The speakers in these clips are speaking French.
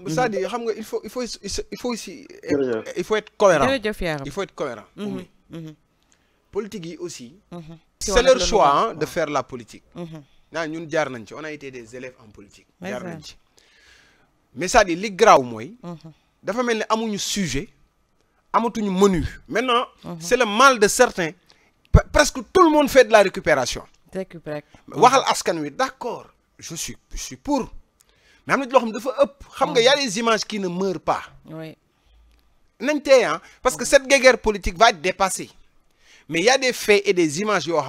il faut il faut il faut aussi. il faut être cohérent il faut être cohérent. Mm-hmm. Mm-hmm. politique aussi. Mm-hmm. c'est leur choix hein, de faire la politique. on a été des élèves en politique. mais ça dit les li dafa sujet menu. maintenant c'est le mal de certains presque tout le monde fait de la récupération. d'accord je suis je suis pour mais il y a des images qui ne meurent pas. oui hein, parce que oh. cette guerre politique va dépasser mais il y a des faits et des images qui vont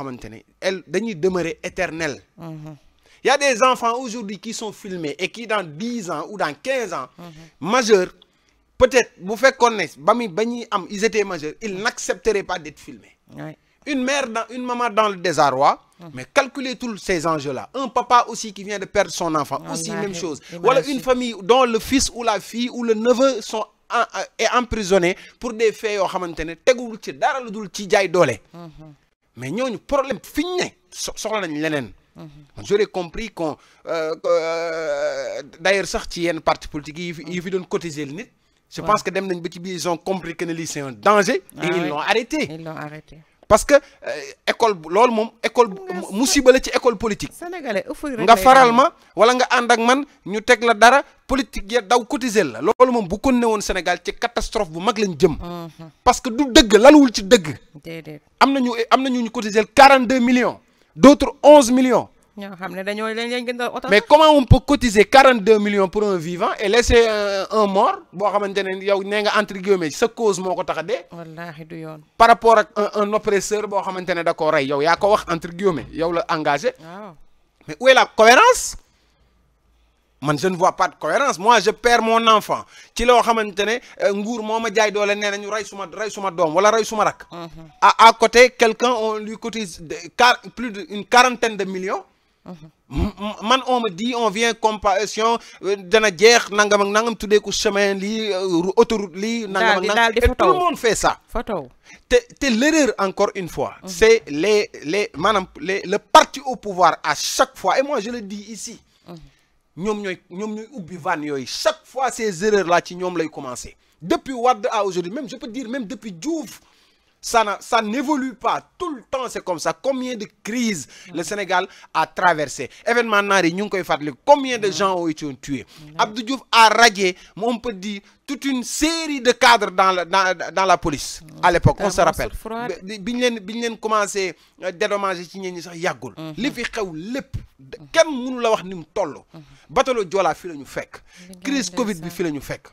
elles demeurer éternelles. Il y a des enfants aujourd'hui qui sont filmés et qui dans 10 ans ou dans 15 ans. Mm-hmm. majeurs peut-être vous faites connaître, ils étaient majeurs ils n'accepteraient pas d'être filmés une mère, dans, une maman dans le désarroi, hum. mais calculez tous ces enjeux-là. Un papa aussi qui vient de perdre son enfant, aussi même chose. Voilà une famille dont le fils ou la fille ou le neveu sont euh, est emprisonné pour des faits yoo xamante ne tegul ci dara lu ci problème fini, ñu ne compris qu'on euh, euh, d'ailleurs sax ci un parti politique yi yi fi cotiser je pense que les gens ont compris que c'est un danger. et ah ils l'ont arrêté. ils l'ont arrêté. parce que euh, école loolu moom école musiba la ci école politique nga faral ma wala nga ànd ak man ñu teg la dara politique ya daw cotiser la loolu moom bu kon ne woon Sénégal ci catastrophe bu mag lañ jëm mhm. parce que du dëgg wul ci dëgg am nañu am na ñu ñu cotiser quarante deux millions d'autres onze millions mais comment on peut cotiser 42 millions pour un vivant et laisser un, mort bo xamantene yow nee nga entre guillemets sa cause moko taxade wallahi du yoon. par rapport à un oppresseur bo xamantene ne da koo rey yow ya ko wax entre guillemets yow la engagé. mais où est la cohérence man je ne vois pas de cohérence moi je perds mon enfant ci lo xamantene ne euh, nguur moo ma jaay doole nee nañu rey suma ray suma dom wala ray suma rak. Mhm. à à côté quelqu'un on lui cotise de plus d'une quarantaine de millions. Mm-hmm. man on me dit on vient compassion euh, dana jeex nangam ak nangam tuddee ko chemin li euh, autoroute li nangam ak nangam tout le monde fait ça. photo té té l'erreur encore une fois. Mm-hmm. c'est les les manam les le parti au pouvoir à chaque fois et moi je le dis ici. Mm-hmm. ñom ñoy ñom ñoy ubbi van yoy chaque fois ces erreurs là ci ñom lay commencer depuis wad à aujourd'hui même je peux dire même depuis Diouf. Ça, ça n'évolue pas. Tout le temps, c'est comme ça. Combien de crises le mm. Sénégal a traversé Événement Nari, combien de mm. gens ont été tués mm. Abdou Diouf a radié, on peut dire, toute une série de cadres dans la, dans, dans la police à l'époque, on se rappelle. Ils ont commencé à euh, dédommager les gens. Ils ont lépp kenn mënu la wax ni mu toll. Mm-hmm. batalo Joola fii la ñu fekk. crise Covid bi fii la